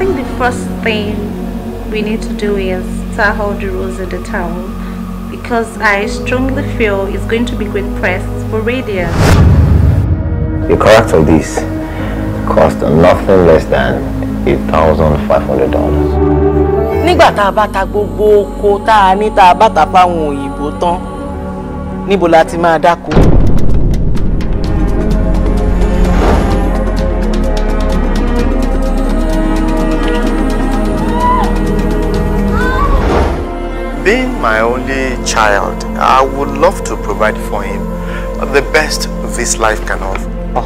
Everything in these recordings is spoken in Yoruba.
think the first thing we need to do is tell all the rules in the town because I strongly feel it's going to be great press for radio. The cost of this cost nothing less than $1,500. Nígbà tá a bá ta gbogbo oko tá a ní tá a bá ta fáwọn òyìnbó Being my only child, I would love to provide for him the best this life can offer. Ah.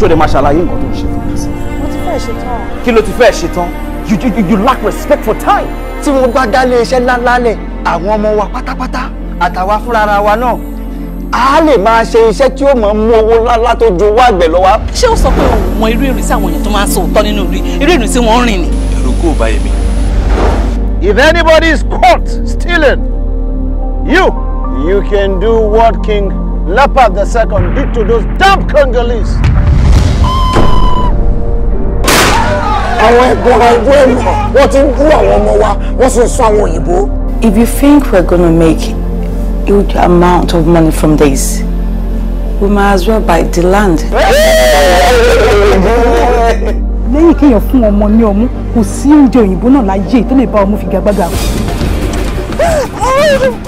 Ṣé o máa ṣàlàyé nǹkan got ń shit fún mi sí? Mo ti fẹ́ ṣe tán. Kí You, you, you lack respect for time. Tí mo bá dálé la la le. àwọn ọmọ wa pátápátá àtàwa fúnra wa náà a lè se ṣe iṣẹ́ tí mo mọ̀ mú owó ńláńlá tó ju wa. àgbẹ̀ lọ wá. ṣé o sọ pé o mọ irú ìrìn sí àwọn èèyàn tó máa ń sọ òótọ́ nínú ìrìn irú ìrìn sí ni. èrò kò bá yẹ If anybody is caught stealing, you, you can do what King Leopard II did to those damn Congolese. If you think we're gonna make huge amount of money from this, we might as well buy the land. kò sí oúnjẹ òyìnbó náà láyé tó lè bá ọmú figagbága.